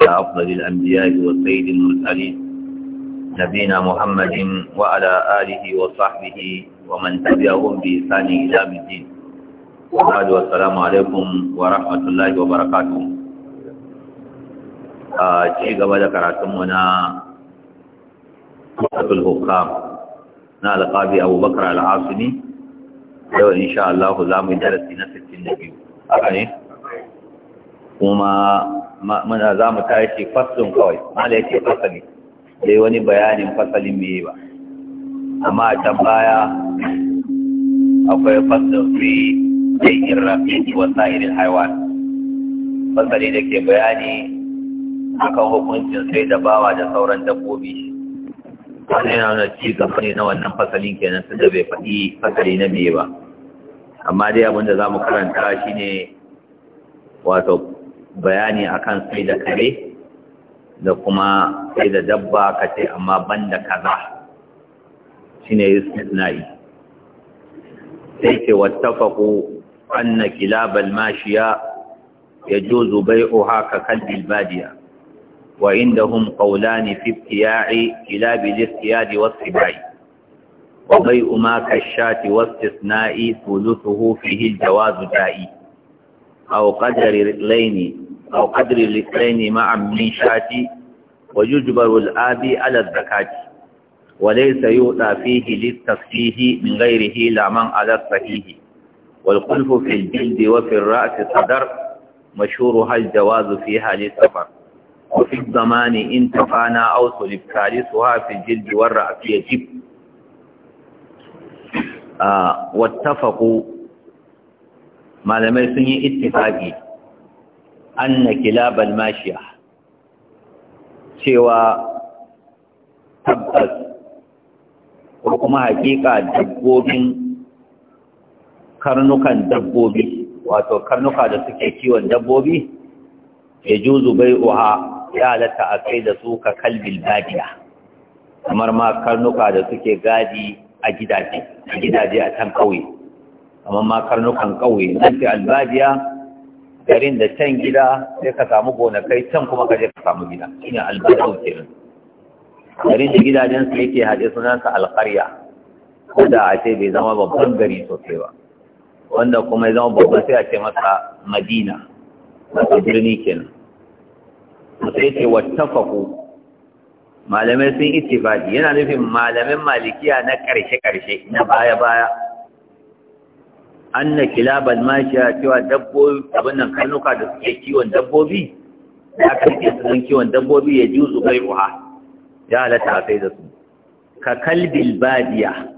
على أفضل الأنبياء والسيد المرسلين نبينا محمد وعلى آله وصحبه ومن تبعهم بإحسان إلى الدين وبعد والسلام عليكم ورحمة الله وبركاته ci gaba da karatunmu na Fatul Hukam na alƙabi Abubakar Al-Asuni yau insha Allah za mu yi darasi na 62 haka ne kuma muna za mu tashi faslun kawai mala ya ce fasali dai wani bayanin fasalin yi ba amma a can baya akwai faslun fi zai irrafi wa sa'irin haiwan fasali da ke bayani akan hukuncin sai da bawa da sauran dabbobi wani yana wani ci gaba ne na wannan fasalin kenan tun da bai faɗi fasali na biyu ba amma dai abin da za mu karanta shi ne wato bayani akan sai da kare da kuma sai da dabba kace amma ban da kaza shi ne yi sai ke wattafaku anna kilabal mashiya ya juzu bai'u haka kalbin badiya wa inda hun ƙaulani fi kiyaye kilabin iskiyadi wasu bayi wa bai'u ma kashati wasu isna'i tulusu hufihil jawazu da'i أو قدر رجلين أو قدر رجلين مع منشاتي ويجبر الآبي على الزكاة وليس يؤتى فيه للتفكيه من غيره لا من على الصحيح والقلف في الجلد وفي الرأس الصدر مشهورها الجواز فيها للسفر وفي الضمان إن تفانى أو صلب ثالثها في الجلد والرأس يجب واتفقوا malamai sun yi ittifaki anna kilabal mashiya cewa tabbas ko kuma hakika dabbobin karnukan dabbobi wato karnuka da suke kiwon dabbobi ya juzu bai uha ya halatta a kai da su ka kalbin badiya kamar ma karnuka da suke gadi a gidaje a can kauye amma ma karnukan ƙauye nan ce albadiya garin da can gida sai ka samu gonakai can kuma ka je ka samu gida shine ke nan garin da gidajen su yake haɗe sunan sa alƙarya ko da a ce bai zama babban gari sosai ba wanda kuma ya zama babban sai a ce masa madina wato birni kenan sai ce wattafaku malamai sun ittifaqi yana nufin malamin malikiya na ƙarshe-ƙarshe na baya-baya anna kilabal mashiya cewa dabbobi abin nan karnuka da suke kiwon dabbobi ya karke su don kiwon dabbobi ya juzu bai uha ya halatta a kai da su ka kalbil badiya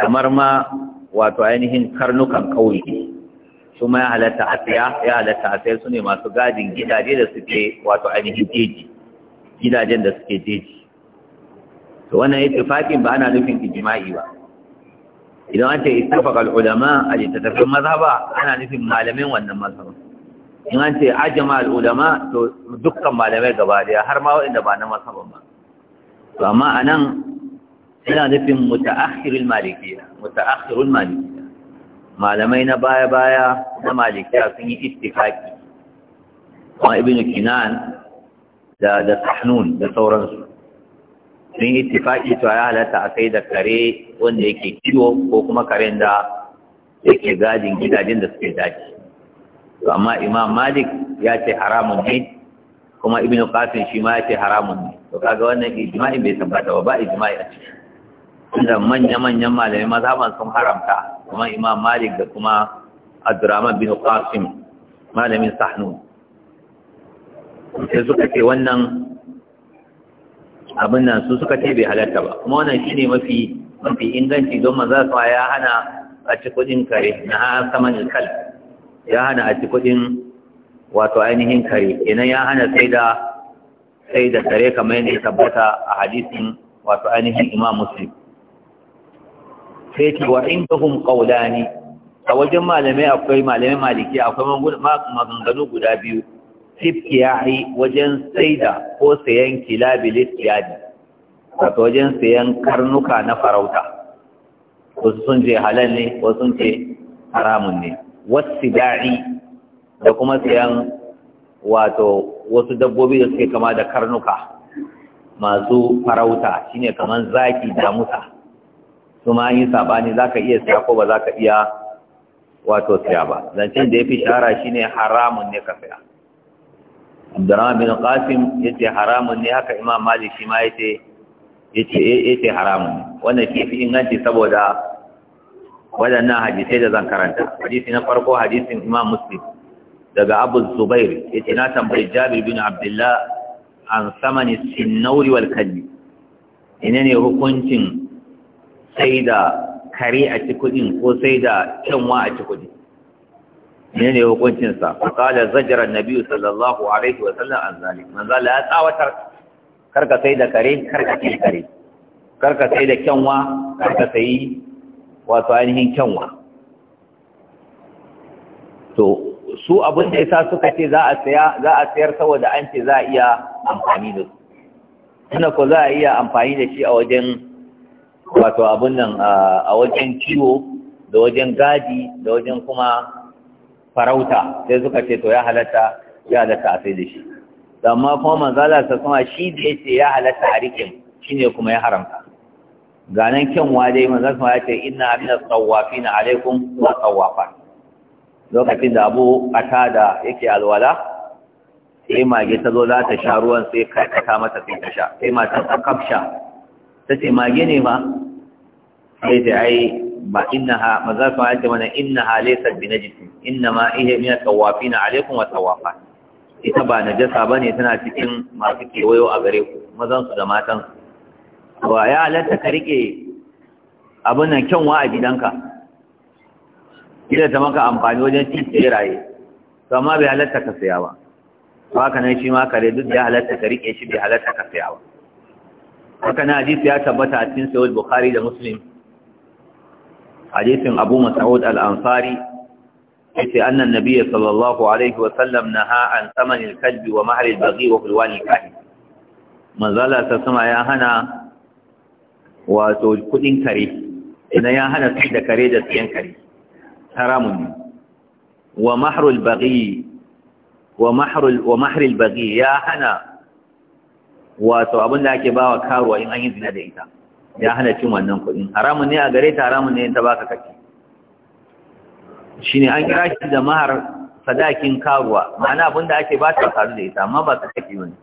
kamar ma wato ainihin karnukan kauye su ma ya halatta a tsaya ya halatta a tsaya su ne masu gadin gidaje da suke wato ainihin jeji gidajen da suke jeji to wannan fakin ba ana nufin ijma'i ba idan an ce ittafaqa al-ulama a littattafin mazhaba ana nufin malamin wannan mazhaba in an ce ajma al-ulama to dukkan malamai gaba daya har ma waɗanda ba na mazhaba ba to amma anan ina nufin muta'akhirul malikiyya muta'akhirul malikiyya malamai na baya baya na malikiya sun yi ittifaqi kuma ibnu kinan da da sahnun da sauransu sun yi tufaƙi to ya halatta a kai da kare wanda yake kiwo ko kuma karen da yake gadin gidajen da suke daji to amma imam malik ya ce haramun ne kuma ibn qasim shi ma ya ce haramun ne to kaga wannan ijma'in bai tabbata ba ba ijma'i a ciki inda manya-manyan malamai mazhaban sun haramta kuma imam malik da kuma abdurrahman bin qasim malamin sahnu sai suka ce wannan abin nan su suka ce bai halatta ba kuma wannan shine mafi mafi inganci don maza su ya hana a ci kuɗin kare na saman kal ya hana a ci kuɗin wato ainihin kare kenan ya hana sai da sai da kare kamar yadda ya tabbata a hadisin wato ainihin imam muslim sai ce wa indahum qawlani a wajen malamai akwai malamai maliki akwai maganganu guda biyu tifkiyahi wajen saida ko sayan kilabilis yadi wato wajen sayan karnuka na farauta wasu sun je halal ne wasu sun ce haramun ne wasu da'i da kuma sayan wato wasu dabbobi da suke kama da karnuka masu farauta shine kaman zaki da musa su ma yi sabani za iya siya ko ba za iya wato siya ba zancen da yafi fi shahara shine haramun ne ka saya. abdurrahman bin qasim yace haramun ne haka imam malik shi ma yace yace eh, yace haramun wannan ke fi inganci saboda wadannan hadisai da zan karanta hadisi na farko hadisin imam muslim daga abu zubair yace na tambayi jabir bin abdullah an samani sinnauri wal kalbi ina ne hukuncin sai da kare a cikin kudin ko sai da kyanwa a cikin kudin Mene hukuncin hukuncinsa qala zajara nabi sallallahu alaihi wa sallam an zalim manzo ya tsawatar karka sai da kare karka sai kare karka sai da kyanwa karka sai wato ainihin kyanwa to su abin da yasa suka ce za a saya za a sayar saboda an ce za a iya amfani da su na ko za a iya amfani da shi a wajen wato abin nan a wajen ciwo da wajen gadi da wajen kuma farauta sai suka ce to ya halatta ya halatta a sai da shi amma kuma manzala ta kuma shi da ya ce ya halatta a rikin shine kuma ya haramta ganan kyanwa dai manzala kuma ya ce inna amina tsawafina alaikum wa tsawafa lokacin da abu a da yake alwala sai mage ta zo za ta sha ruwan sai karkata mata sai ta sha sai ma ta kafsha ta ce mage ne ma sai ta ai ba innaha ma za su haɗe mana innaha laysa bi najisin innama hiya min at-tawafin alaykum wa tawafa ita ba najasa bane tana cikin masu kewayo a gare ku mazan su da matan wa ya alata ka rike abin nan kyanwa a gidanka kila ta maka amfani wajen cin tsiraye to amma bai halatta ka saya ba to haka nan shi ma kare duk da halatta ka rike shi bai halatta ka saya ba haka na hadisi ya tabbata a cikin sahih bukhari da muslim hadisin abu mas'ud al-ansari yace annan nabiyyi sallallahu alaihi wa sallam naha an saman al-kalb wa mahr al-baghi wa hana wato kudin kare idan ya hana sai kare da siyan kare haramun ne wa mahr hana wato abin da ake bawa karuwa in an yi zina da ita ya hana cin wannan kuɗin haramun ne a gare ta haramun ne ta baka kake shine an kira shi da mahar sadakin karuwa ma'ana abin da ake ba ta karu da ita amma ba ta kake wani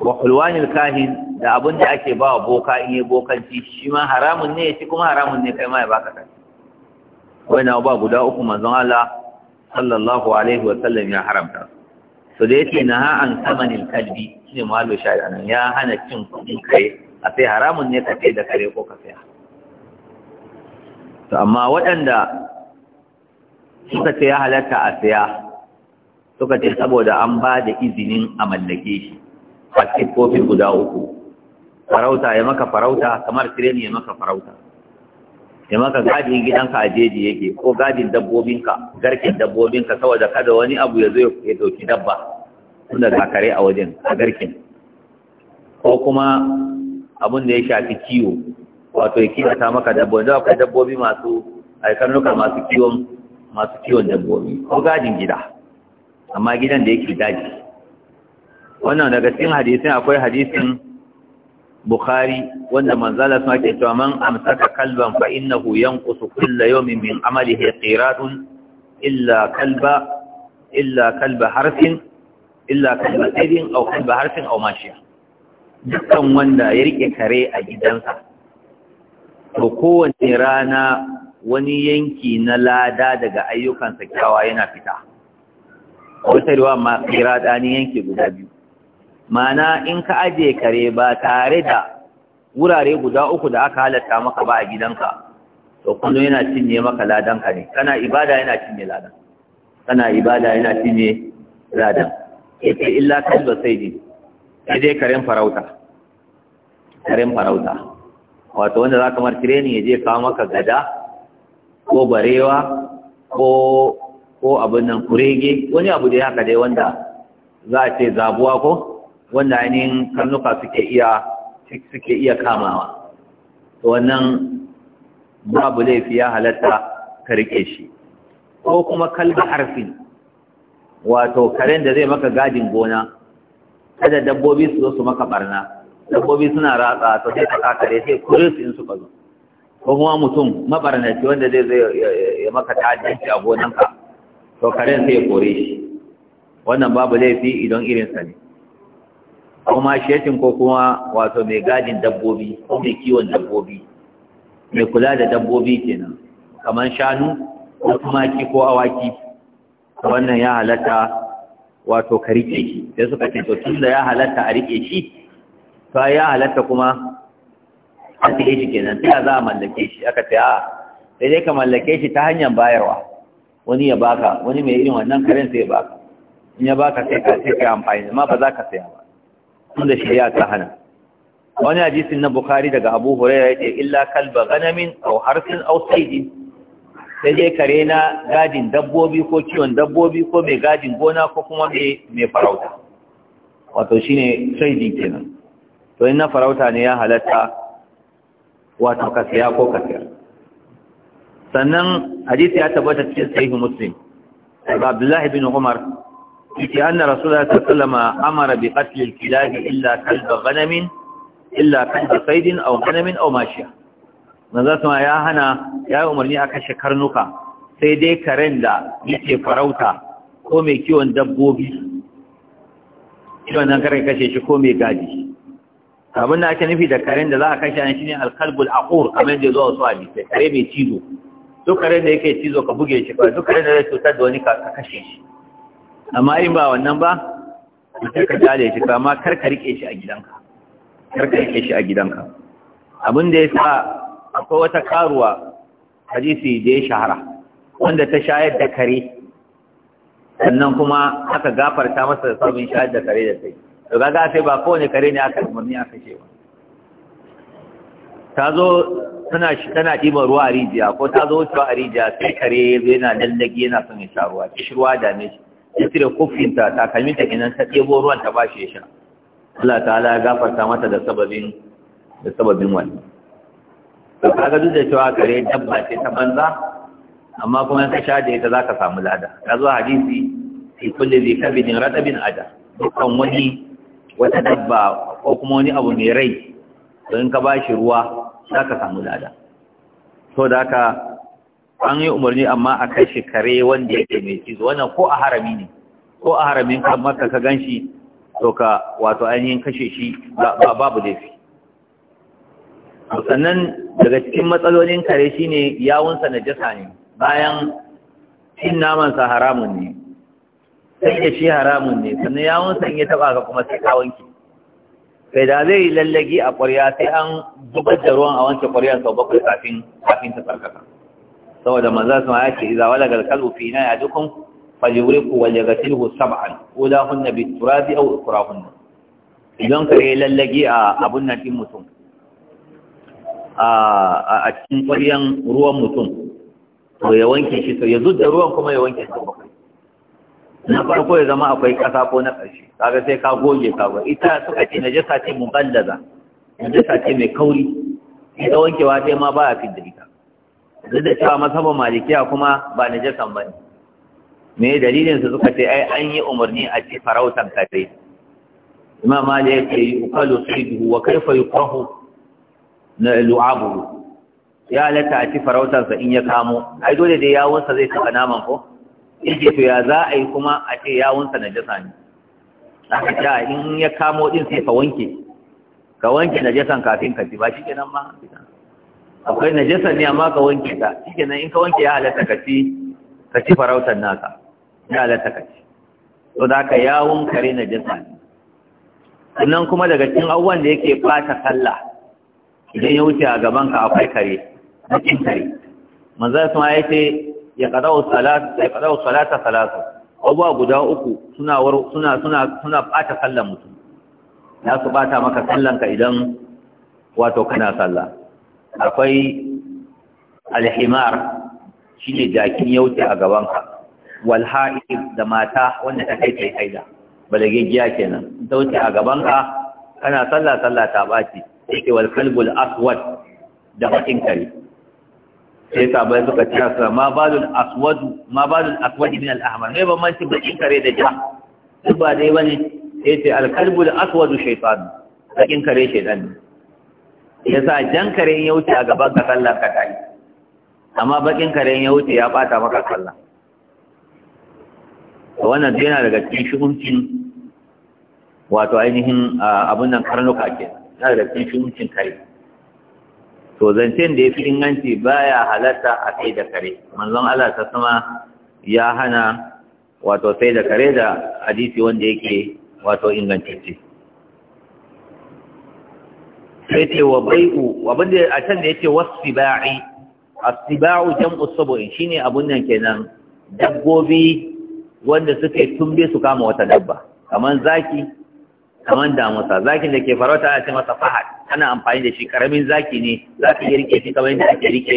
wa hulwanil kahin da abin da ake ba wa boka in yi bokanci shi ma haramun ne shi kuma haramun ne kai ma ya baka kake na ba guda uku manzon Allah sallallahu alaihi wa sallam ya haramta so da yake na ha an samanil kalbi shine shari'a nan ya hana cin kuɗin kai a sai haramun ne ka da kare ko ka saya to amma waɗanda suka ce ya halatta a saya suka ce saboda an ba da izinin a mallake shi a kofin guda uku farauta ya maka farauta kamar tireni ya maka farauta ya maka gadin gidanka a jeji yake ko gadin dabbobinka garken dabbobinka saboda kada wani abu ya zo ya ɗauki dabba tun da kare a wajen a garken ko kuma abin da ya shafi kiwo wato ya kiyata maka dabbobi da akwai dabbobi masu aikarnuka masu kiwon masu kiwon dabbobi ko gadin gida amma gidan da yake daji wannan daga cikin hadisin akwai hadisin bukhari wanda manzala sun ake cewa man amsaka kalban fa innahu yanqusu kulla yawmin min amalihi qiratun illa kalba illa kalba harfin illa kalba saydin aw kalba harfin aw mashiya dukkan wanda ya rike kare a gidansa to kowane rana wani yanki na lada daga ayyukan kyawa yana fita A wata riwa ma kira ɗani yanki guda biyu mana in ka ajiye kare ba tare da wurare guda uku da aka halatta maka ba a gidanka to kullum yana cinye maka ladanka ne kana ibada yana cinye ladan kana ibada yana cinye ladan ita illa kalba sai Yaje karen farauta karen farauta wato wanda za ka mar training ya je kawo maka gada ko barewa ko ko abin nan kurege wani abu da haka dai wanda za a ce zabuwa ko wanda ainihin karnuka suke iya suke iya kamawa to wannan babu laifi ya halatta ka rike shi ko kuma kalba harfi wato karen da zai maka gadin gona kada dabbobi su zo su maka barna dabbobi suna ratsa to sai ka kare sai kuris in suka zo ko kuma mutum mabarnaci wanda zai zai ya maka ta'addanci a gonanka to karen sai ya kore shi wannan babu laifi idan irinsa ne kuma shetin ko kuma wato mai gadin dabbobi ko mai kiwon dabbobi mai kula da dabbobi kenan kamar shanu ko tumaki ko awaki wannan ya halatta wato ka rike shi sai suka ce to tun da ya halatta a rike shi to ya halatta kuma a tsaye shi kenan sai za a mallake shi aka ce a sai dai ka mallake shi ta hanyar bayarwa wani ya baka wani mai irin wannan karen sai ya baka in ya baka sai ka sai ka amfani amma ba za ka saya ba tunda ya ta hana wani hadisin na bukhari daga abu hurairah yake illa kalba ganamin aw harsin aw saydin sai dai kare na gadin dabbobi ko kiwon dabbobi ko mai gadin gona ko kuma mai farauta wato shine trading kenan to in na farauta ne ya halatta wato kasiya ko ka sannan hadisi ya tabbata cikin sahih muslim daga abdullah ibn umar yake anna rasulullah sallallahu alaihi wasallam amara bi qatl al-kilab illa kalb ghanam illa kalb sayd aw ghanam aw mashiya manzo sama ya hana ya yi umarni a kashe karnuka sai dai karen da yake farauta ko mai kiwon dabbobi kiwon nan kare kashe shi ko mai gadi abin da ake nufi da karen da za a kashe shi ne alkalbul aqur kamar yadda zuwa wasu sai kare mai cizo duk karen da yake cizo ka buge shi kawai duk karen da zai cutar da wani ka kashe shi amma in ba wannan ba sai ka jale shi kama kar ka rike shi a gidanka kar ka rike shi a gidanka abin da ya sa akwai wata karuwa hadisi da ya shahara wanda ta shayar da kare sannan kuma aka gafarta masa da sabon shayar da kare da sai to ga sai ba kowane kare ne aka umarni aka ce ba ta zo tana tana ɗiban ruwa a rijiya ko ta zo wucewa a rijiya sai kare ya zo yana lallage yana son ya sha ruwa shi ruwa dame shi ya cire kofinta takalminta kenan ta ɗebo ruwan ta ba shi ya sha Allah ta'ala ya gafarta mata da sababin da sababin wannan Ka kaga duk da cewa kare dabba ce ta banza amma kuma ka sha da ita za ka samu lada ka zuwa hadisi fi kulli dhi kabidin bin ada dukkan wani wata dabba ko kuma wani abu mai rai don ka ba shi ruwa ka samu lada to da haka an yi umarni amma a kashe kare wanda yake mai cizo wannan ko a harami ne ko a haramin kan maka ka ganshi to ka wato ainihin kashe shi babu laifi sannan daga cikin matsalolin kare shine yawunsa na jasa ne bayan cin namansa haramun ne sai da shi haramun ne sannan yawunsa in ya taba ka kuma sai ka wanke sai da zai yi lallagi a ƙwarya sai an zubar da ruwan a wance ƙwarya sau bakwai kafin kafin ta tsarkaka saboda maza su ma ya ce iza wala galkal ufi na ya dukun fajiriku wa jagatilhu sab'an ko da hunna bi turabi aw ikrahunna idan kare lallagi a abun nan din mutum a cikin ƙwaryen ruwan mutum to ya wanke shi to ya zudda ruwan kuma ya wanke shi bakwai na farko ya zama akwai ƙasa ko na ƙarshe kaga sai ka goge ka ba ita suka ce na jasa ce muballaza na jasa ce mai kauri ita wankewa sai ma ba a da ita duk da cewa masaba malikiya kuma ba na jasan ba ne me dalilin su suka ce ai an yi umarni a ce farautan kare imam mali ya ce yukalu sidu wa kaifa yukrahu na lu'abu ya halatta a ci farautarsa in ya kamo ai dole dai yawunsa zai taɓa naman ko yake to ya za a yi kuma a ce yawunsa na jasa ne a ta in ya kamo din sai ka wanke ka wanke na jasan kafin ka ci ba shi kenan ma akwai na jasan ne amma ka wanke ta shi kenan in ka wanke ya halatta ka ci ka ci farautar naka ya halatta ka ci to da ka yawun kare na jasa ne sannan kuma daga cikin abubuwan da yake ɓata sallah idan ya wuce a gaban ka akwai kare bakin kare manzo sun ya ce ya qada'u salat ya qada'u salata salatu abuwa guda uku suna suna suna suna bata sallan mutum Ya su bata maka sallan ka idan wato kana sallah akwai alhimar shine jakin wuce a gaban ka wal ha'id da mata wanda ta kai kai haida balagaggiya kenan ta wuce a gaban ka kana sallah sallah ta baci yake wal kalbul aswad da bakin kare sai sabai suka ci sa ma balul aswad ma balul aswad min al ahmar ne man ci bakin kare da ja duk ba dai bane sai ce al kalbul aswad shaytan bakin kare shaytan ya sa jan kare ya wuce a gaban ka sallar ka tayi amma bakin kare ya wuce ya bata maka sallah wannan yana daga cikin shuguncin wato ainihin ah, abun nan karnuka kenan na da cikin kare to zancen da ya fi inganci ya halatta a sai da kare manzon Allah ta sama ya hana wato sai da kare da hadisi wanda yake wato ingantacce sai ce wa bai'u abinda a can da yake wasiba'i asiba'u jam'u shi ne abin nan kenan dabbobi wanda suka yi tumbe su kama wata dabba kamar zaki kamar damusa zakin da ke farauta ana ce masa fahad ana amfani da shi karamin zaki ne za ka rike shi kamar yadda ake rike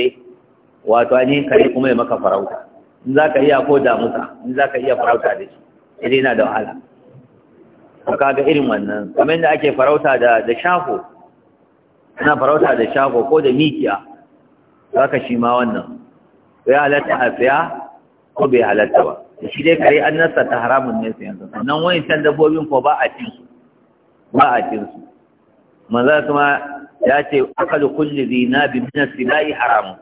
wato ani kare kuma ya maka farauta in za ka iya ko damusa in za ka iya farauta da shi idan yana da wahala to kaga irin wannan kamar yadda ake farauta da da shafo ana farauta da shafo ko da mikiya za ka shi ma wannan ya halatta a saya ko bai halatta ba shi dai kare an nasa ta haramun ne yanzu. sannan wani can dabbobin ko ba a cin su ba a cin su kuma ya ce akalu kulli na min silai sibai haram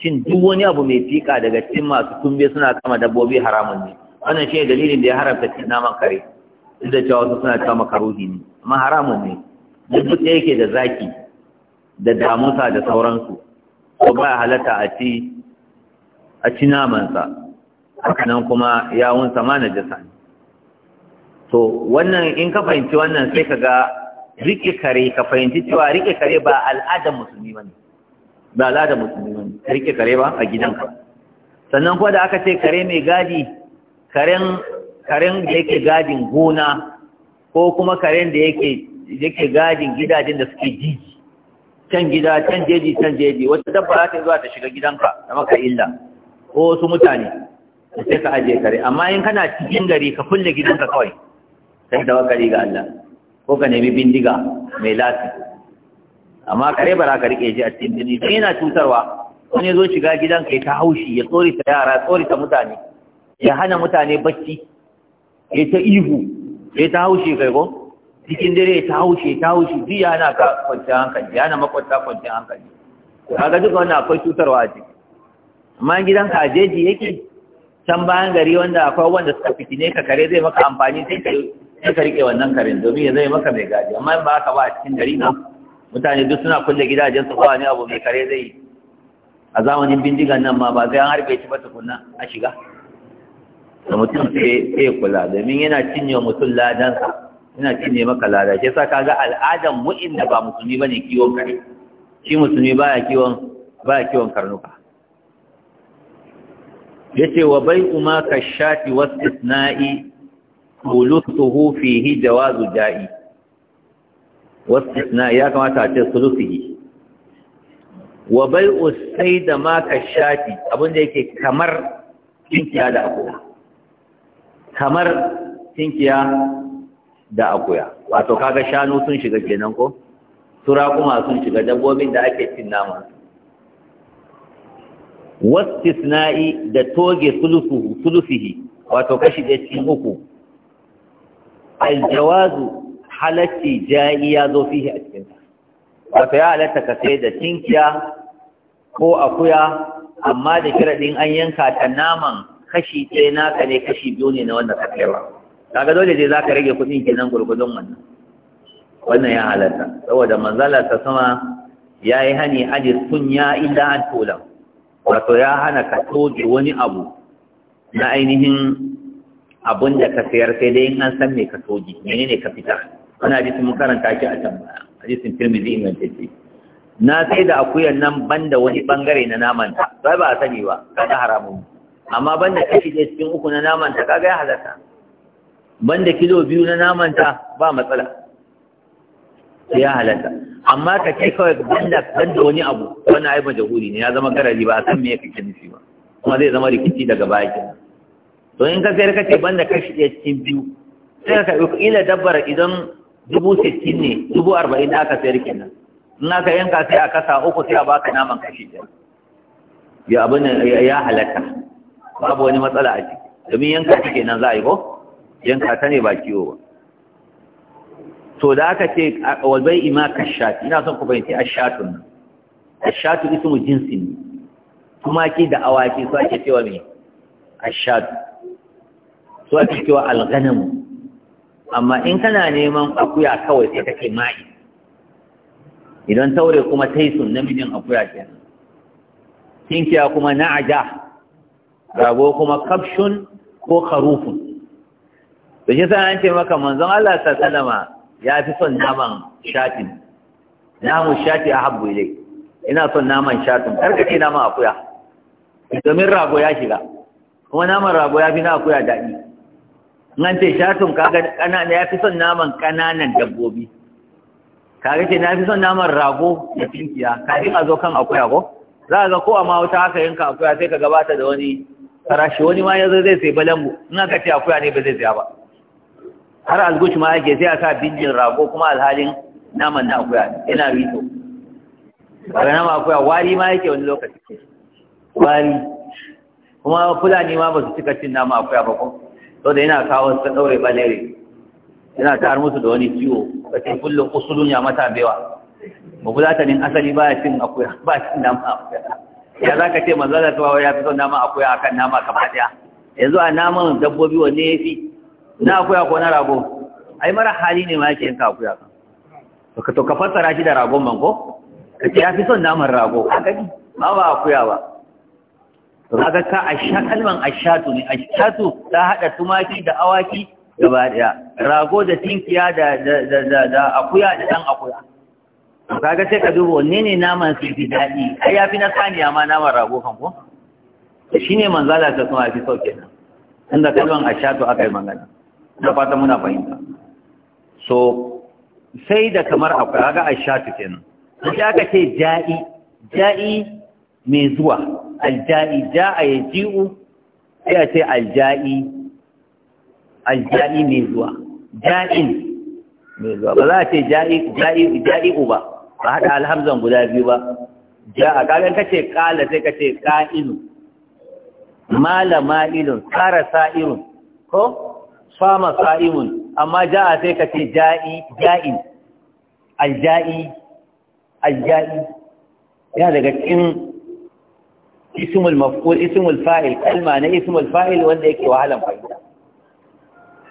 cin duk wani abu mai fika daga cikin masu tumbe suna kama dabbobi haramun ne wannan shi dalilin da ya haramta cin naman kare duk da cewa suna cewa makaruhi ne amma haramun ne duk duk da yake da zaki da damusa da sauransu ko ba halatta a ci a ci namansa haka kuma yawun sama na jasa to wannan in ka fahimci wannan sai ka ga rike kare ka fahimci cewa rike kare ba al'adar musulmi bane ba al'adar musulmi bane rike kare ba a gidanka sannan kuma da aka ce kare mai gadi karen karen da yake gadin gona ko kuma karen da yake yake gadin gidajen da suke jiji can gida can jeji can jeji wata dabba za ta zuwa ta shiga gidanka da maka illa ko wasu mutane sai ka ajiye kare amma in kana cikin gari ka kulle gidanka kawai sai tawakkali ga Allah ko ka nemi bindiga mai lati amma kare ba za ka rike shi a cikin jini sai yana cutarwa wani zo shiga gidan kai ta haushi ya ta yara ta mutane ya hana mutane bacci ya ta ihu ya ta haushi kai ko cikin dare ya ta haushi ta haushi duk ya hana ka kwanciyar hankali ya hana makwanta kwanciyar hankali kaga duka wannan akwai cutarwa a ciki amma gidan ka jeji yake can bayan gari wanda akwai wanda suka fitine ka kare zai maka amfani sai ka sai ka riƙe wannan karen domin ya zai maka mai gadi amma in ba haka ba a cikin gari na mutane duk suna kulle gidajen su kowa ne abu mai kare zai a zamanin bindigan nan ma ba sai an harbe shi ba tukunna a shiga da mutum sai kula domin yana cinye wa mutum ladansa yana cinye maka lada shi yasa kaga al'adan mu inda ba musulmi bane kiwon kare shi musulmi baya kiwon baya kiwon karnuka yace wa bai'u ma kashati isna'i? sulusuhu fihi jawazu ja'i wasna ya kamata a ce sulusuhi wa bai'u sayda ma kashati abin da yake kamar tinkiya da akuya kamar tinkiya da akuya wato kaga shanu sun shiga kenan ko tura kuma sun shiga dabbobin da ake cin nama wastisna'i da toge sulusuhu sulusihi wato kashi ɗaya cikin uku aljawazu halarci ja'i ya zo fihi a cikin wato ya halarta ka sai da tinkiya ko akuya amma da kiraɗin an yanka ta naman kashi ɗaya naka ne kashi biyu ne na wanda ka kaiwa kaga dole dai zaka rage kuɗin kenan gurgudun wannan wannan ya halatta saboda manzala ta sama ya yi hani ajin sun ya illa an tola wato ya hana ka toge wani abu na ainihin abun da ka sayar sai dai in an san me ka soji menene ka fita ana ji mun karanta shi a can baya hadisin Tirmidhi ce na sai da akuyan nan ban da wani bangare na naman ta sai ba a sani ba ka ga haramun amma ban da kashi da cikin uku na naman ta kaga ya halatta da kilo biyu na naman ta ba matsala ya halatta amma ka ce kawai ban da wani abu wani ai majahuli ne ya zama garari ba a san me kake nufi ba kuma zai zama rikici daga baya kenan to in ka sayar kace banda kashi ɗaya cikin biyu sai ka ɗauki ila dabbar idan dubu sittin ne dubu arba'in da aka sayar kenan in aka yanka sai a kasa uku sai a baka naman kashi ɗaya ya abin ya halatta babu wani matsala a ciki domin yanka ta kenan za a yi ko yanka ta ne ba kiwo ba to da aka ce walbai ima kashati ina son ku fahimci ashatun nan ashatu mu jinsi ne tumaki da awaki su ake cewa me ashatu su ake cewa alganamu amma in kana neman akuya kawai sai take ma'i idan taure kuma taisun namijin akuya kenan kinkiya kuma na'aja rago kuma kafshun ko karufun da shi sai ce maka manzon Allah sallama ya fi son naman shatin namun shati ahabbu ilai ina son naman shatin kar ka ce naman akuya domin rago ya shiga kuma naman rago ya fi na akuya daɗi nan ce shatun kaga ƙanana ya fi son naman ƙananan dabbobi kaga ce na fi son naman rago da tinkiya kafin a zo kan akuya ko za a ga ko a mawuta haka yanka akuya sai ka gabata da wani farashi wani ma yanzu zai sai mu. in aka ce akuya ne ba zai saya ba har algush ma yake sai a sa bindin rago kuma alhalin naman na akuya yana rito na nama akuya wari ma yake wani lokaci wari kuma fulani ma ba su cika cin nama akuya ba ko to da yana kawo ta daure balere yana tar musu da wani ciwo ce kullum usulun ya mata bewa mabulatanin asali ya cin akuya ba cin nama akuya ya za ka ce manzo da tawawa ya fi son nama akuya akan nama kama daya yanzu a naman dabbobi wanne fi? na akuya ko na rago ai mara hali ne ma yake yanka akuya to ka to ka fassara shi da ragon Ka ce ya fi son naman rago gani ba ba akuya ba Raga ka asha kalman ashatu ne ashatu ta haɗa tumaki da awaki gaba ɗaya. rago da tinkiya da da akuya da ɗan akuya kaga sai ka duba wanne ne naman su fi daɗi ai fi na saniya ma naman rago kan ko man manzala ta kuma fi sauke nan inda kalman ashatu aka yi magana da fata muna fahimta so sai da kamar akwai kaga ashatu kenan sai aka ce ja'i ja'i mai zuwa alja'i ja'a ya ji'u sai a ce alja'i alja'i mai zuwa ja'in mai zuwa ba za a ce ja'i'u ba ba haɗa alhamzan guda biyu ba ja'a kagan kace kala sai kace ka'inu malama ilun kara sa'irun ko fama sa'imun amma ja'a sai kace ja'i ja'in alja'i alja'i ya daga cikin ismul maf'ul ismul fa'il kalma na ismul fa'il wanda yake wahalan fa'ida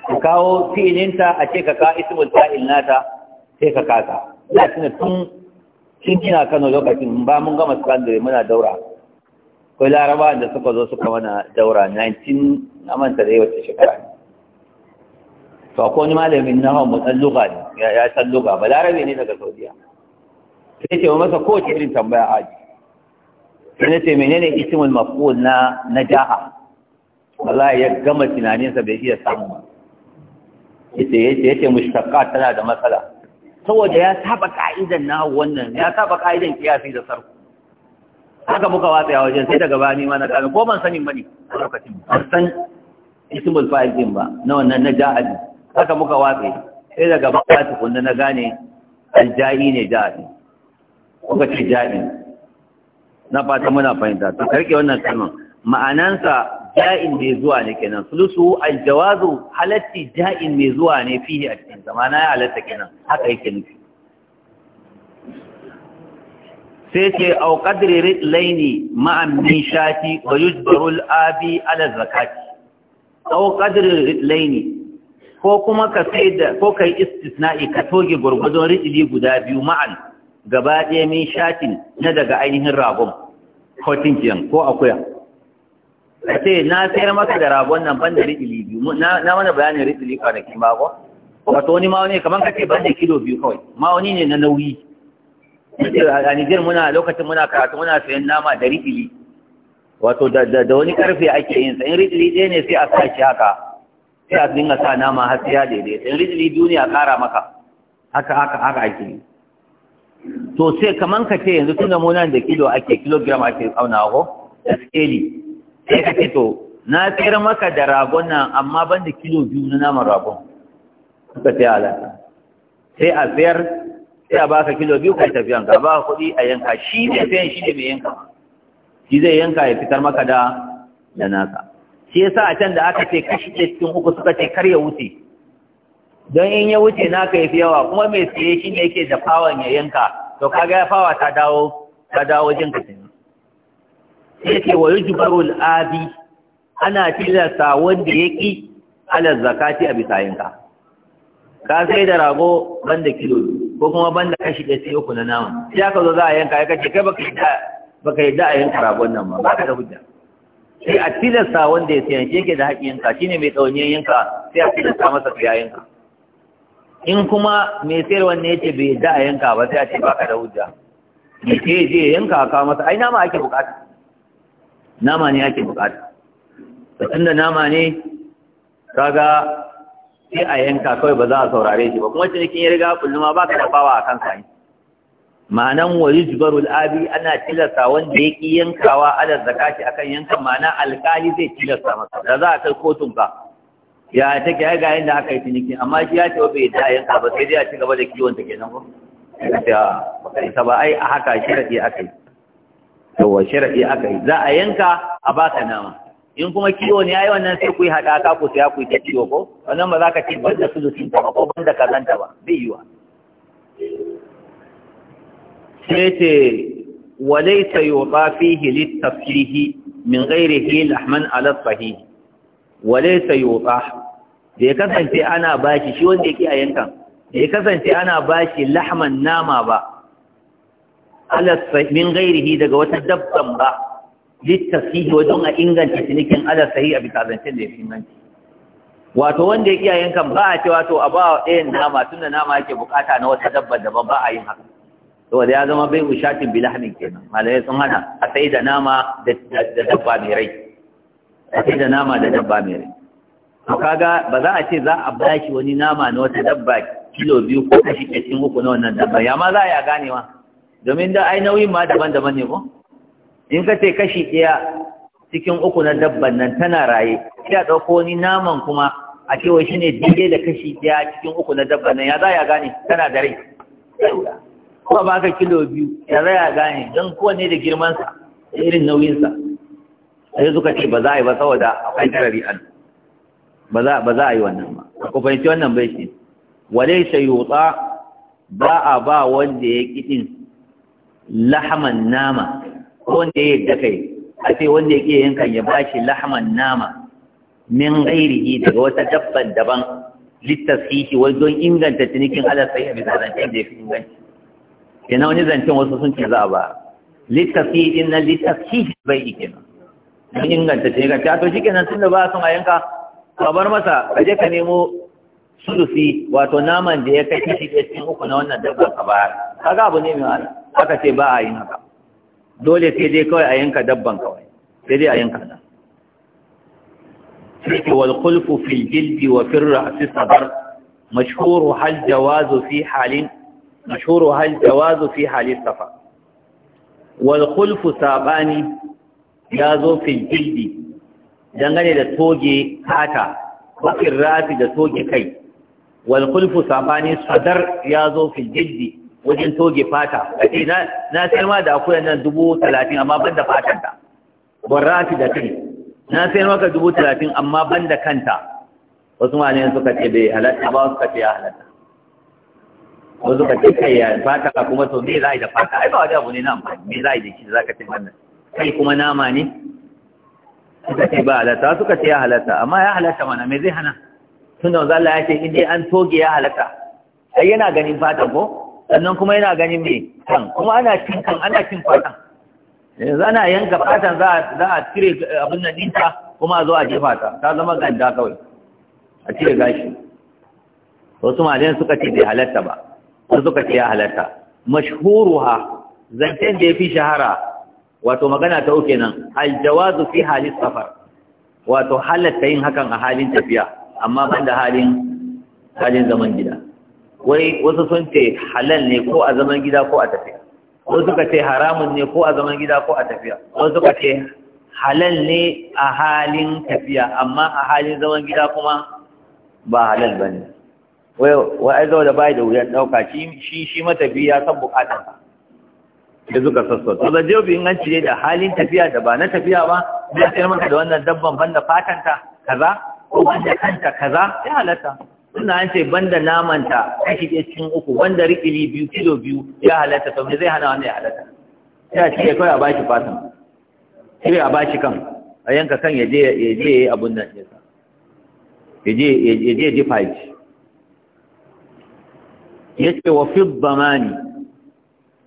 ka kawo fi'ilinta a ce ka kawo ismul fa'il nata sai ka kasa za su tun kano lokacin ba mun gama sakandare muna daura ko laraba da suka zo suka mana daura 19 na da yawancin shekara ne to akwai wani malamin na hawan mutsan luga ya san luga ba larabe ne daga saudiya sai ce masa kowace irin tambaya aji sai na ce menene ismul maf'ul na na ja'a wallahi ya gama sa bai iya samu ba ita yace yace mushtaqat tana da matsala saboda ya saba ka'idan na wannan ya saba ka'idan kiyasi da sarku haka muka watsa ya wajen sai daga ba ni ma na kana ko ban sanin bane a lokacin ban san ismul fa'il din ba na wannan na ja'ali haka muka watsa sai daga ba ta kunna na gane alja'i ne ja'ali kuka ce ja'ali na fata muna fahimta to karke wannan kalman ma'anansa ja'in mai zuwa ne kenan sulusu aljawazu halatti ja'in mai zuwa ne fihi a cikin na ya halatta kenan haka yake nufi sai ce au qadri rijlaini ma'an min shati wa yujbaru al-abi ala zakati au qadri rijlaini ko kuma ka sai da ko kai istisna'i ka toge gurgudun ridili guda biyu ma'an gaba ɗaya min shatin na daga ainihin ragon hotin kiyan ko akuya a ce na sayar maka da ragon nan ban da riɗili biyu na mana bayanin riɗili kwanaki ba ko wato wani ma'auni kamar kake ban da kilo biyu kawai ma'auni ne na nauyi a Nijar muna lokacin muna karatu muna sayan nama da riɗili wato da wani karfe ake yin sa in riɗili ɗaya ne sai a sa shi haka sai a dinga sa nama har sai ya daidai in ne a ƙara maka haka haka haka ake yi to sai kaman ka ce yanzu tunda mu nan da kilo ake kilogram ake aunawa ko da skeli sai ka ce to na tsira maka da ragon nan amma ban da kilo biyu na naman ragon suka ce ala sai a tsayar sai a baka kilo biyu kai tafiyan ka ba kuɗi a yanka shi ne sai shi ne mai yanka shi zai yanka ya fitar maka da da naka shi yasa a can da aka ce kashi ɗaya cikin uku suka ce kar ya wuce don in ya wuce na ka fi yawa kuma mai siye shi ne yake da fawon ya yanka to kaga ya fawa ta dawo ta dawo jin ka tuni sai ce wa yujbaru al-abi ana tilasta wanda ya ƙi ala zakati a bisa yanka ka sai da rago banda kilo ko kuma banda kashi da sai uku na nama sai ka zo za a yanka ya kace kai baka yadda baka da a yanka ragon nan ba ka da hujja sai a tilasta wanda ya sayan yake da haƙƙin yanka shine mai tsawon yanka sai a tilasta masa ya yanka in kuma mai sayarwa ne yake bai da a yanka ba sai a ce baka da hujja Ya ce je yanka a kawo masa ai nama ake bukata nama ne ake bukata tun da nama ne kaga sai a yanka kawai ba za a saurare shi ba kuma cinikin kin riga kullum ba ka da fawa a kansa ne ma'anan wa yujbarul abi ana tilasta wanda ya yankawa ala zakati akan yankan ma'ana alkali zai tilasta masa da za a kai kotun ka ya take ya ga inda aka yi tunikin amma shi ya ce bai da yanka ba sai dai a ci gaba da kiwon ta kenan ko ta ba ai a haka shirafi aka yi yawa shirafi aka yi za a yanka a baka nama in kuma kiwo ne yayi wannan sai ku yi hadaka ku sai ku yi kiwo ko wannan ba za ka ci banda su ta ko banda kazanta ba bai yiwa sai ce walaysa yuqa fihi lit-tafsih min ghairihi lahman ala sahih walaysa yuqa da ya kasance ana bashi shi wanda yake a yankan da ya kasance ana shi lahman nama ba min gairihi daga wata dabban ba littafihi wajen a inganta cinikin alasahi a bisa zancen da ya fi inganci wato wanda ya yankan ba a ce wato a ba wa ɗayan nama tunda nama yake bukata na wata dabba daban ba a yin haka saboda ya zama bai ushatin bilahmin kenan malamai sun hana a sai da nama da dabba mai rai a sai da nama da dabba mai rai to kaga ba za a ce za a bashi wani nama na wata dabba kilo biyu ko kashi cikin uku na wannan dabba ya ma za a ya ganewa domin da ai nauyin ma daban-daban ne ko in ka ce kashi ɗaya cikin uku na dabban nan tana raye sai a ɗauko wani naman kuma a ce wai shine daidai da kashi ɗaya cikin uku na dabban nan ya za a ya gane tana da rai ko ba ka kilo biyu ya za ya gane don kowanne da girmansa da irin nauyinsa sai suka ce ba za a yi ba saboda akwai tarari nan. ba za a yi wannan ba ku fahimci wannan bai shi Wale shayuta ba a ba wanda ya kidin lahaman nama ko wanda ya yadda kai a ce wanda ya kiyaye yankan ya bashi lahaman nama min ghairihi daga wata dabban daban littasihi wai don inganta cinikin ala sai a bisa zancen da ya fi inganci kenan wani zancen wasu sun ce za a ba littasihi din nan littasihi bai ike nan. don inganta cinikin ta to shi kenan tun da ba a son a yanka kabar masa ka je ka nemo sulusi wato naman da ya kai kashi ɗaya cikin uku na wannan dabba ka bayar ga abu ne mai wani aka ce ba a yin haka dole sai dai kawai a yanka dabban kawai sai dai a yanka na. sai wal kulfu fil jildi wa fil ra'si sadar mashhuru hal jawazu fi halin mashhuru hal jawazu fi halin safa wal kulfu sabani ya zo fil jildi dangane da toge kata bakin rafi da toge kai wal kulfu sabani sadar ya zo fil jiddi wajen toge fata kace na na ma da akuyan nan dubu talatin amma ban da fatan ta wal rafi da kai na sayar maka dubu talatin amma ban da kanta wasu malayen suka ce bai halatta ba suka ce ya halatta wasu ka ce kai ya fata kuma to me za a yi da fata ai ba wani abu ne na amfani me za a yi da shi za ka ce wannan kai kuma nama ne suka ce ba halatta suka ce ya halatta amma ya halatta mana me zai hana tun da Allah ya ce in dai an toge ya halatta ai yana ganin fata ko sannan kuma yana ganin me kan kuma ana cin kan ana cin fatan yanzu ana yanka fatan za a za a cire eh, abin nan ɗinta kuma a zo a jefa ta ta zama ganda kawai a cire gashi wasu malayan suka ce bai halatta ba wasu suka ce ya halatta mashhuruha zancen da ya fi shahara wato magana ta uke nan aljawazu fi halis safar wato halatta yin hakan a halin tafiya amma ban da halin halin zaman gida wai wasu sun ce halal ne ko a zaman gida ko a tafiya wasu suka ce haramun ne ko a zaman gida ko a tafiya wasu suka ce halal ne a halin tafiya amma a halin zaman gida kuma ba halal bane. wai wai zo da bai da wuyan ɗauka shi shi matafiya san bukatar da suka sassauta da jiyo in an cire da halin tafiya da ba na tafiya ba zai sayar maka da wannan dabban banda fatanta kaza ko banda kanta kaza ya halatta suna an ce banda namanta kashi ɗaya cikin uku banda rikili biyu kilo biyu ya halatta to me zai hana wannan ya halatta Ya a cire kawai a bashi fatan sai a bashi kan a yanka kan ya je ya je abun nan ya ya je ya je ya je faji yace wa fi zamani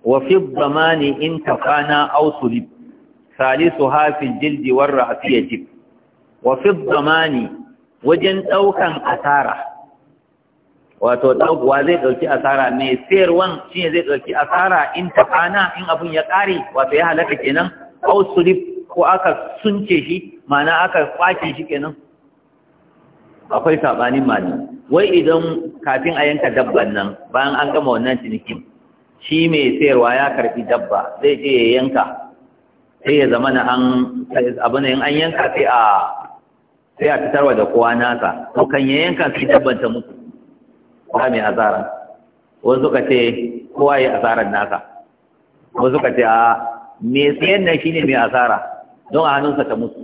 وفي الضمان إن تقانا أو صلب ثالثها في الجلد والرأس يجب وفي الضمان وجن أوكا أثارة wato ɗaukuwa zai ɗauki asara mai sayarwan shi ne zai ɗauki asara in tafana in abin ya ƙare wato ya halaka kenan au ko aka sunce shi ma'ana aka kwace shi kenan akwai saɓanin mani wai idan kafin a yanka dabban nan bayan an gama wannan cinikin shi mai sayarwa ya karfi dabba zai je ya yanka sai ya zama na an abin in an yanka sai a sai a fitarwa da kowa nasa to kan ya yanka sai dabban ta mutu ba mai asara wasu suka ce kowa ya asarar nasa wasu suka ce a mai sayan nan shine mai asara don a hannunsa ta mutu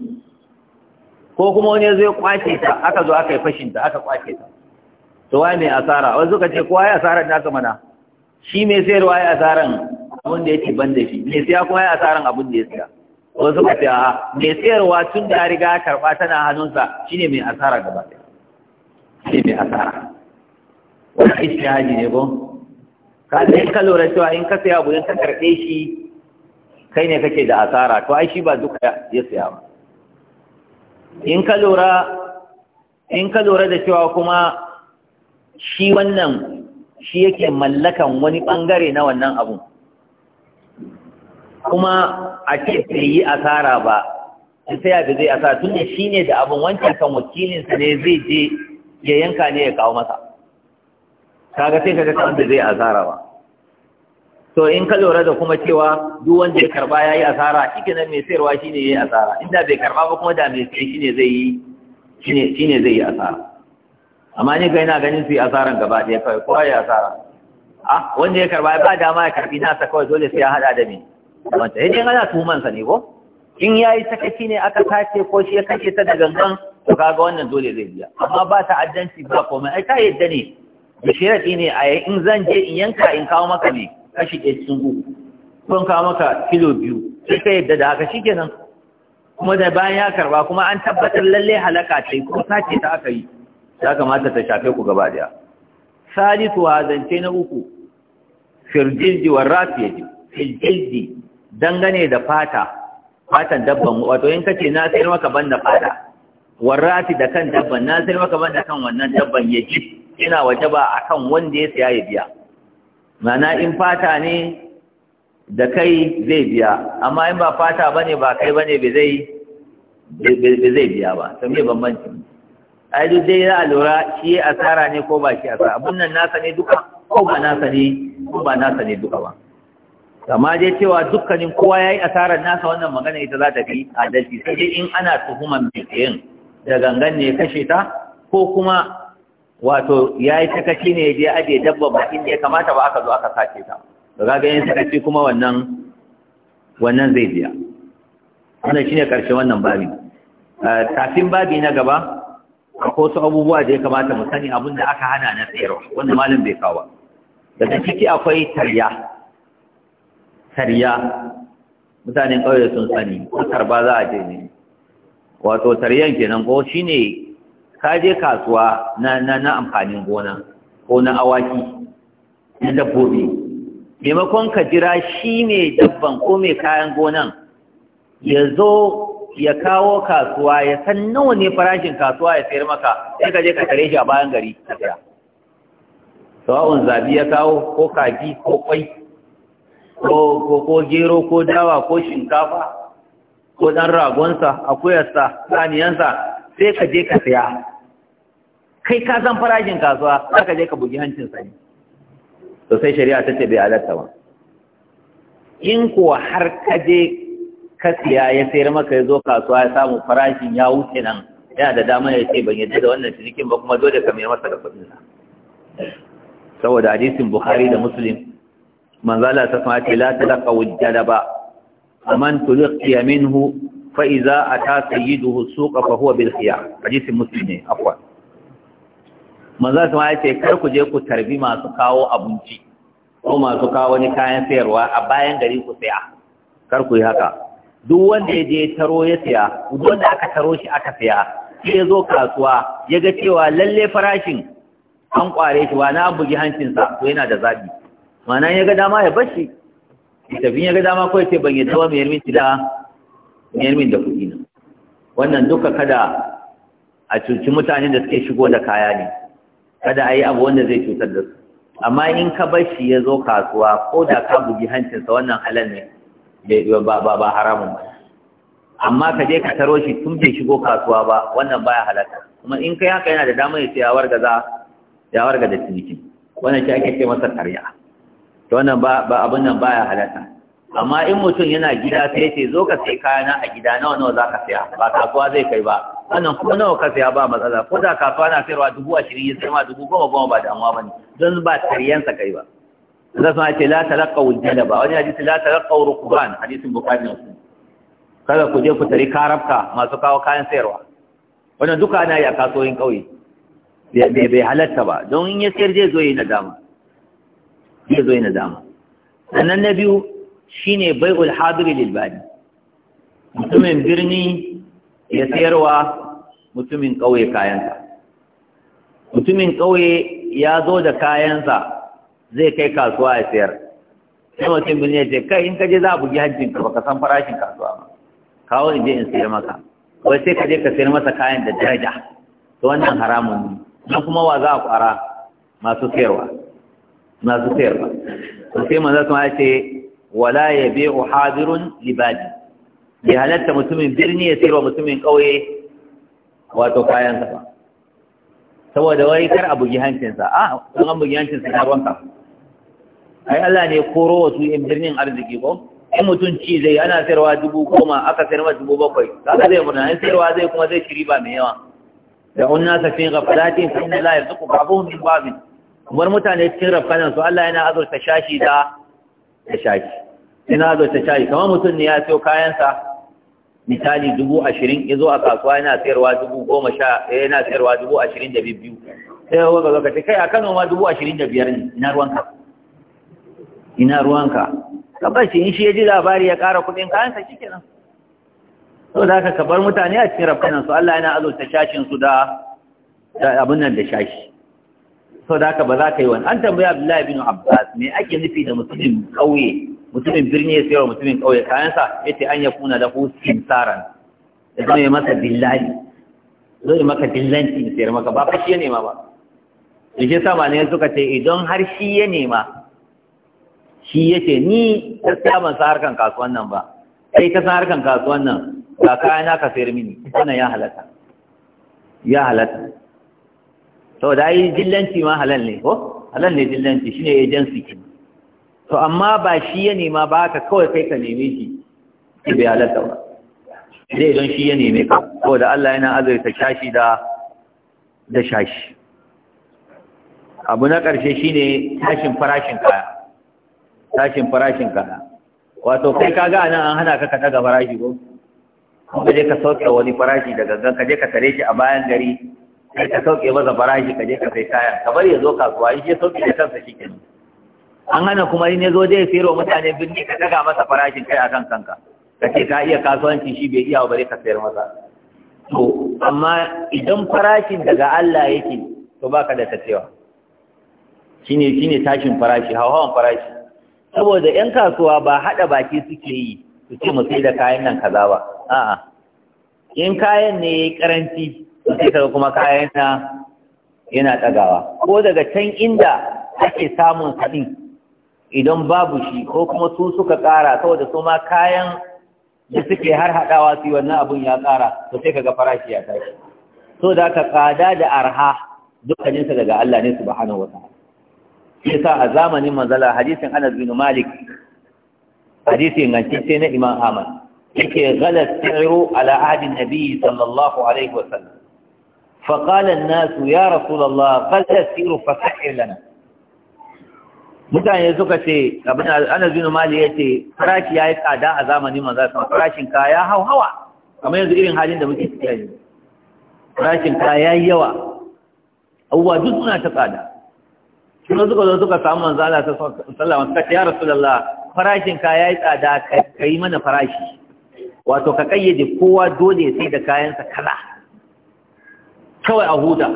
ko kuma wani zai kwace ta aka zo aka yi fashinta aka kwace ta to wa mai asara wasu suka ce kowa ya asarar nasa mana shi mai sayarwa ya asaran abin da yake ban da shi mai siya kuma ya asaran abin da ya siya wasu suka siya mai sayarwa tun da riga karɓa tana hannunsa shine mai asara gaba ɗaya shi mai asara wani ishtihadi ne ko ka in ka lura cewa in ka siya abu in ka karɓe shi kai ne kake da asara to ai shi ba duka ya siya ba in ka lura in ka lura da cewa kuma shi wannan shi yake mallakan wani bangare na wannan abu kuma a ce bai yi asara ba sai ya zai asara tun da shi ne da abin wancan kan wakilinsa ne zai je ya yanka ne ya kawo masa kaga sai kaga kan zai asara ba to in ka lura da kuma cewa duk wanda ya karba ya yi asara shi nan mai sayarwa shi ne ya yi asara inda bai karba ba kuma da mai sayi shi ne zai yi asara amma ni kai na ganin su yi asaran gaba ɗaya kawai kai ya asara a wanda ya karba ba dama ya karbi nasa kawai dole sai ya hada da me wanda idan ana sa ne ko in yayi yi ne aka tace ko shi ya kashe ta da gangan to kaga wannan dole zai biya amma ba ta addanci ba komai ai ta yadda ne da sharaɗi ne a in zan je in yanka in kawo maka ne kashi ɗaya cikin uku kun kawo maka kilo biyu sai ka yadda da haka shikenan kuma da bayan ya karba kuma an tabbatar lalle halaka ce ko sace ta aka yi ya kamata ta shafe ku gaba daya salisu wa zance na uku firjildi wa rafiyati firjildi dangane da fata fatan dabban wato in kace na sayar maka banda fata warrati da kan dabban na sayar maka banda kan wannan dabban ya ji ina wajaba akan wanda ya saya ya biya mana in fata ne da kai zai biya amma in ba fata bane ba kai bane bai zai bai zai biya ba to me bambanci ai duk dai za a lura shi asara ne ko ba shi asara abun nan nasa ne duka ko ba nasa ne ko ba nasa ne duka ba amma dai cewa dukkanin kowa ya yi asarar nasa wannan magana ita za ta fi adalci sai dai in ana tuhuman mai tsayin da gangan ne kashe ta ko kuma wato ya yi sakaci ne ya ajiye dabba ba inda ya kamata ba aka zo aka sace ta da ga yin sakaci kuma wannan wannan zai biya wannan shine ƙarshen wannan babi Tafin babi na gaba akwai wasu abubuwa da ya kamata mu sani abin da aka hana na tsayarwa wanda malam bai kawo daga ciki akwai tarya tarya mutanen ƙauye sun sani ko tarba za a je ne wato taryan kenan ko shine ka je kasuwa na amfanin gona ko na awaki na dabbobi maimakon ka jira shi mai dabban ko mai kayan gonan ya zo ya kawo kasuwa ya san nawa ne farashin kasuwa ya sayar maka sai ka je ka tare shi a bayan gari ka saya sawa'un zabi ya kawo ko kaji ko kwai ko gero ko dawa ko shinkafa ko dan ragonsa akuyarsa saniyansa sai ka je ka saya kai ka san farashin kasuwa za ka je ka bugi hancin sani to shari'a ta ce bai halatta ba in kuwa har ka je kasiya ya sayar maka ya zo kasuwa ya samu farashin ya wuce nan yana da dama ya ce ban yadda da wannan cinikin ba kuma dole ka mai masa da kuɗin sa saboda hadisin Buhari da muslim manzala ta fama ce la talaka wujjada ba aman tulqiya minhu fa iza ata sayyiduhu suqa fa huwa bil khiyar hadisin muslim ne afwan manzala ta ce kar ku je ku tarbi masu kawo abinci ko masu kawo wani kayan sayarwa a bayan gari ku saya kar ku yi haka duk wanda ya je taro ya siya duk wanda aka taro shi aka siya sai ya zo kasuwa ya ga cewa lalle farashin an kware shi wani an bugi hancinsa to yana da zaɓi. ma'ana ya ga dama ya bashi tafin ya ga dama kawai ce ban yi ba mai yarmin da yarmin da kuɗi na wannan duka kada a cuci mutane da suke shigo da kaya ne kada a yi abu wanda zai cutar da su amma in ka bashi ya zo kasuwa ko da ka bugi hancinsa wannan halal ne ba ba haramun ba amma ka je ka taro shi tun bai shigo kasuwa ba wannan baya halatta kuma in kai haka yana da damar ya ce ya warga za ya warga da wannan shi ake ce masa karya to wannan ba abin nan baya halatta amma in mutum yana gida sai ce zo ka sai kayana a gida nawa nawa za ka saya ba kasuwa zai kai ba wannan kuma nawa ka saya ba matsala ko da kasuwa na sayarwa dubu ashirin ya sayarwa dubu goma goma ba damuwa ba ne don ba tariyansa kai ba zai suna ce la talaka wujjala ba wani hadisi la talaka wa kuban, hadisin bukari na su kada ku je ku tari karabka masu kawo kayan sayarwa wannan duka ana yi a kasuwoyin ƙauye bai halatta ba don in ya sayar zai zo yi dama zai zo yi dama sannan na biyu shi ne bai lil lilbani. mutumin birni ya sayarwa mutumin ƙauye kayansa mutumin ƙauye ya zo da kayansa zai kai kasuwa ya sayar sai mutum bin ya ce kai in ka je za a bugi hajjin ka baka san farashin kasuwa ba kawo in je in sayar maka wai sai ka je ka sayar masa kayan da daraja to wannan haramun ne don kuma wa za a kwara masu sayarwa masu sayarwa to sai manzo kuma ya ce wala yabi'u hadirun libadi bi halatta mutumin birni ya sayarwa mutumin kauye wato kayan sa ba saboda wai kar a bugi hancinsa a ah, an bugi hancinsa ya ruwanka ai Allah ne koro wa su birnin arziki ko in mutum ci zai ana sayarwa dubu goma aka sayar ma dubu bakwai kaga zai murna in sayarwa zai kuma zai ci riba mai yawa da unna ta fi ghaflatin fa inna la yarzuqu ba'dhum min ba'd kamar mutane cikin rafkanan su Allah yana azurta shashi da da shashi yana azurta shashi kamar mutum ne ya sayo kayan sa misali dubu ashirin ya zo a kasuwa yana sayarwa dubu goma sha eh, yana sayarwa dubu ashirin da biyu sai ya zo ka kai a kano ma dubu ashirin da biyar ne ina ruwan ruwanka ina ruwanka ka shi in shi ya ji labari ya ƙara kuɗin kayan ka nan. Sau da haka ka bar mutane a cikin rafkanan su Allah yana azurta shashin su da abin nan da shashi so da haka ba za ka yi wani an tambaya Abdullahi bin Abbas me ake nufi da mutumin ƙauye mutumin birni ya sayarwa mutumin ƙauye kayansa ya ce an ya kuna da ku simsaran ya zama ya masa billahi zo ya maka dillanci ya sayar maka ba fa shi ya nema ba da sama ne suka ce idan har shi ya nema shi ce ni gaskiya ban sa harkan kasuwan nan ba sai ka san harkan kasuwan nan ga kaya na ka sayar mini wannan ya halatta ya halatta to da yi dillanci ma halal ne ko halal ne dillanci ne agency ki to amma ba shi ya nema ba ka kawai kai ka neme shi ki bai halatta ba sai don shi ya neme ka ko da Allah yana azurta shashi da da shashi abu na ƙarshe shine tashin farashin kaya tashin farashin ka wato kai ka ga anan an hana ka kada ga farashi ko ka je ka sauke wani farashi daga gan ka je ka tare shi a bayan gari kai ka sauke masa farashi ka je ka sai kaya ka bari ya zo kasuwa in shi sauke da kansa shi kenan an hana kuma in ya zo zai sayarwa mutane birni ka daga masa farashin kai akan kanka ka ce ka iya kasuwanci shi bai iya bare ka sayar masa to amma idan farashin daga Allah yake to baka da tacewa shine shine tashin farashi hawan farashi saboda yan kasuwa ba haɗa baki suke yi su ce mu sai da kayan nan kaza ba a'a in kayan ne karanci su sai kaga kuma kayan na yana ɗagawa ko daga can inda ake samun kuɗin idan babu shi ko kuma su suka ƙara saboda su ma kayan da suke har haɗawa su wannan abun ya ƙara to sai kaga farashi ya tashi so da ka ƙada da arha dukkaninsa daga Allah ne subhanahu wa ta'ala shi sa a zamanin manzala hadisin Anas bin Malik hadisi ingantacce na Imam Ahmad yake ghalat si'ru ala ahdi nabi sallallahu alaihi wa sallam fa qala an-nas ya rasulullah qala si'ru fa sahir lana mutane suka ce abin Anas bin Malik yace farashi yayi tsada a zamanin manzala sallallahu farashin kaya hau hawa kamar yanzu irin halin da muke ciki yanzu farashin kaya yayi yawa abubuwa duk suna ta tsada sun suka zo suka samu manzo Allah sallallahu alaihi ya rasulullah farashin ka yayi tsada kai mana farashi wato ka kayyade kowa dole sai da kayansa kala kawai a huta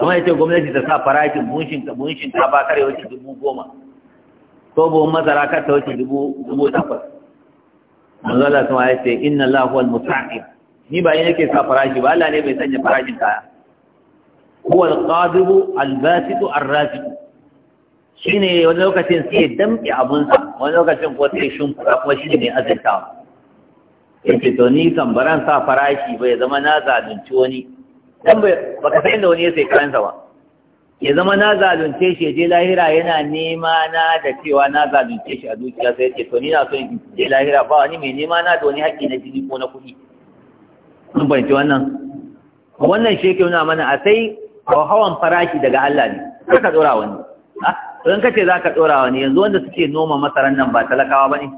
kuma yace gwamnati ta sa farashin bunshin ka bunshin ka ba kare wuce dubu goma ko bo mazara kar ta wuce dubu dubu takwas manzo Allah sallallahu alaihi wasallam ya ce inna Allahu al-mustaqim ni ba ni nake sa farashi ba Allah ne bai sanya farashin kaya huwa alqadiru albasitu arrafi shine wani lokacin sai abun sa, wani lokacin ko sai shimfiɗa kuma shi mai azanta yake to ni kan baran sa farashi bai zama na zalunci wani dan bai baka san da wani ya sai kayansa ba ya zama na zalunce shi je lahira yana nema na da cewa na zalunce shi a dukiya sai yake to ni na so in je lahira ba wani mai nema na da wani haƙƙi na jini ko na kuɗi kun ji wannan wannan shi yake nuna mana a sai hawan farashi daga Allah ne sai ka dora wani to in kace zaka dora wani yanzu wanda suke noma masaran nan ba talakawa bane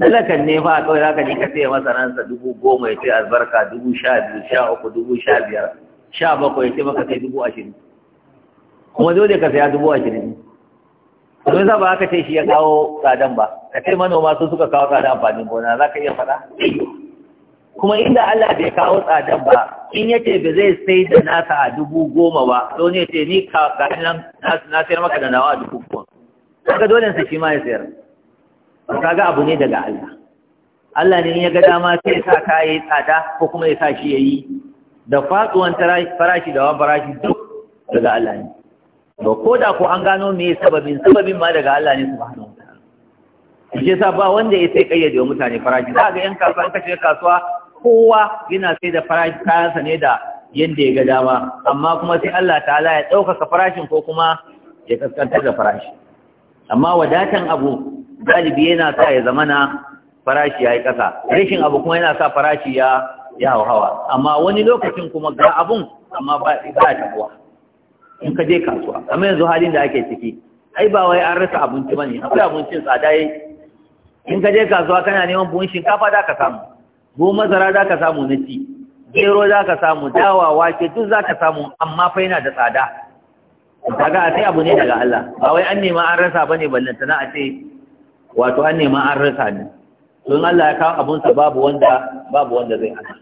talakan ne fa kawai zaka je ka sai masaran sa dubu goma ya ce albarka dubu sha biyu sha uku dubu sha biyar sha bakwai ya ce maka sai dubu ashirin kuma dole ka saya dubu ashirin domin za ba ka ce shi ya kawo tsadan ba ka ce manoma su suka kawo tsadan amfanin gona za ka iya faɗa kuma inda Allah bai kawo tsadan ba in yace ba zai sai da nasa a dubu goma ba to ne ce ni ka ga nan na sayar maka da nawa a dubu goma kaga dole sai shi ma ya sayar kaga abu ne daga Allah Allah ne in ya ga dama sai ya sa yi tsada ko kuma ya sa shi yayi da fatsuwan farashi da farashi duk daga Allah ne to ko da ko an gano me sababin sababin ma daga Allah ne subhanahu wataala shi yasa ba wanda ya sai kayyade wa mutane farashi za ga yan kasuwa an kashe kasuwa kowa yana sai da farashin kayansa ne da yadda ya ga dama amma kuma sai Allah ta'ala ya ɗaukaka farashin ko kuma ya kaskantar da farashi amma wadatan abu galibi yana sa ya zamana farashi ya yi ƙasa rashin abu kuma yana sa farashi ya ya hauhawa amma wani lokacin kuma ga abun amma ba ba tafuwa. in ka je kasuwa amma yanzu halin da ake ciki ai ba wai an rasa abinci bane akwai abincin tsada yayi in ka je kasuwa kana neman buhun shinkafa da ka samu goma zara za ka samu na ci gero za ka samu dawa wake duk za ka samu amma fa yana da tsada kaga a sai abu ne daga Allah ba wai an nema an rasa ba bane ballantana a ce wato an nema an rasa ne don Allah ya kawo abun babu wanda babu wanda zai hana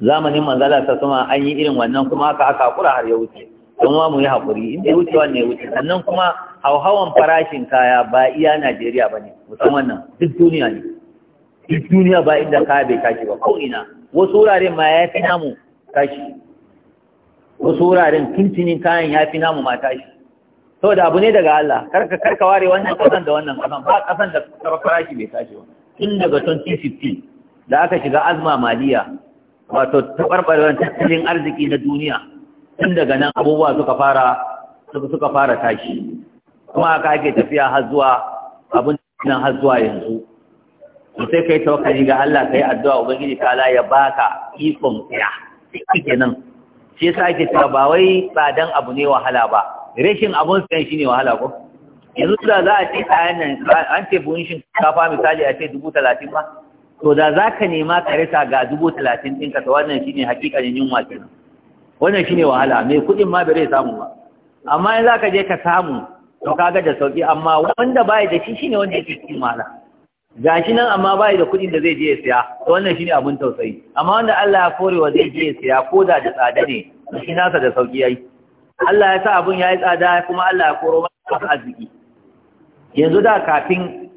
zamanin manzala ta suma an yi irin wannan kuma haka aka kura har ya wuce don ma mu yi hakuri in bai wuce wannan ya wuce sannan kuma hauhawan farashin kaya ba iya Najeriya ba ne, musamman nan duk duniya ne duk duniya ba inda ka bai tashi ba ko ina wasu wuraren ma ya fi namu tashi wasu wuraren tuntunin kayan ya fi namu ma tashi saboda abu ne daga Allah karka karka ware wannan kasan da wannan kasan ba kasan da farashi bai tashi ba tun daga 2015 da aka shiga azma maliya wato tabarbarewar tattalin arziki na duniya tun daga nan abubuwa suka fara suka fara tashi kuma aka ake tafiya har zuwa abin nan har zuwa yanzu to sai kai tawakkali ga Allah kai addu'a ubangiji ta Allah ya baka ikon tsaya kenan shi yasa ake cewa ba wai tsadan abu ne wahala ba rashin abun tsayan shine wahala ko yanzu da za a ce kayan nan an ce buhun shinkafa misali a ce dubu talatin ba to da za ka nema ka rasa ga dubu talatin ɗinka ta wannan shine hakikanin yunwa kenan wannan shine wahala mai kuɗin ma bai samu ba amma in za ka je ka samu to kaga da sauki amma wanda baya da shi shine wanda yake cikin wahala gashi nan amma bai da kuɗin da zai je ya siya to wannan shine abun tausayi amma wanda Allah ya kore wa zai je ya siya ko da da tsada ne shi nasa da sauki yayi Allah ya sa abun yayi tsada kuma Allah ya koro masa arziki yanzu da kafin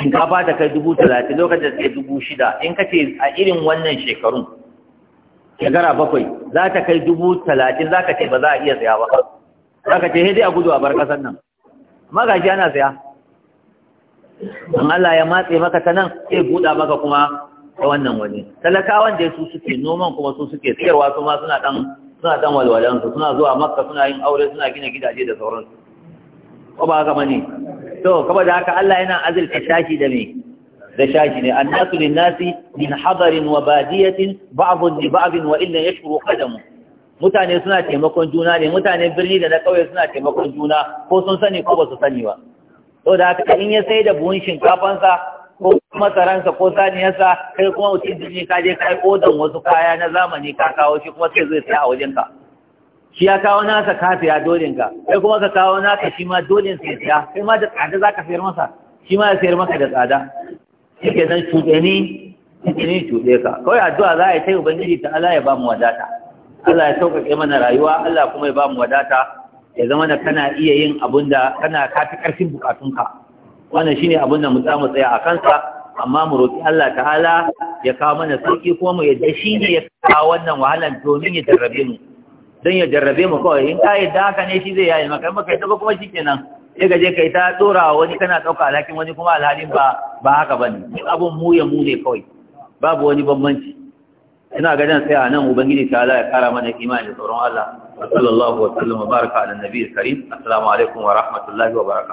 shinkafa ta kai dubu talatin lokacin da ta dubu shida in ka ce a irin wannan shekarun shekara bakwai za ta kai dubu talatin za ka ce ba za a iya saya ba za ka ce dai a gudu a bar ƙasar nan amma shi ana saya in Allah ya matse maka ta nan sai buɗa maka kuma ta wannan wani talakawan da su suke noman kuma su suke tsayarwa su ma suna ɗan suna ɗan walwalansu suna zuwa makka suna yin aure suna gina gidaje da sauransu ko ba haka bane to kaba da haka Allah yana azurta shashi da me da shashi ne annasu nasi min hadarin wa badiyatin ba'dun li ba'din wa illa qadamu mutane suna taimakon juna ne mutane birni da na kauye suna taimakon juna ko sun sani ko ba su sani ba so da haka in ya sai da buhun shinkafansa ko ransa ko saniyarsa kai kuma mutum jini ka je kai odan wasu kaya na zamani ka kawo shi kuma sai zai saya a wajenka shi ya kawo nasa ka saya ka, kai kuma ka kawo nasa shi ma dole sai saya kai ma da tsada za ka sayar masa shi ma ya sayar maka da tsada shi ke nan cuɗe ni ni cuɗe ka kawai addu'a za a yi ta ubangiji ta Allah ya ba mu wadata Allah ya sauƙaƙe mana rayuwa Allah kuma ya ba mu wadata ya zama da kana iya yin abun da kana kafi ƙarfin bukatunka wannan shine abun da mu za mu tsaya a kansa amma mu roƙi Allah ta'ala ya kawo mana sauki kuma mu yadda shi ne ya kawo wannan wahalan domin ya jarrabe mu don ya jarrabe mu kawai in ka yadda haka ne shi zai yaye maka maka ita kuma shi kenan sai ka je kai ta tsora wani kana ɗauka alhakin wani kuma alhalin ba ba haka ba ne duk abun mu ya mu ne kawai babu wani bambanci ina dan sai a nan ubangiji ta'ala ya kara mana imani da tsoron Allah wa sallallahu wa sallam wa baraka ala nabiyil karim assalamu alaikum wa rahmatullahi wa baraka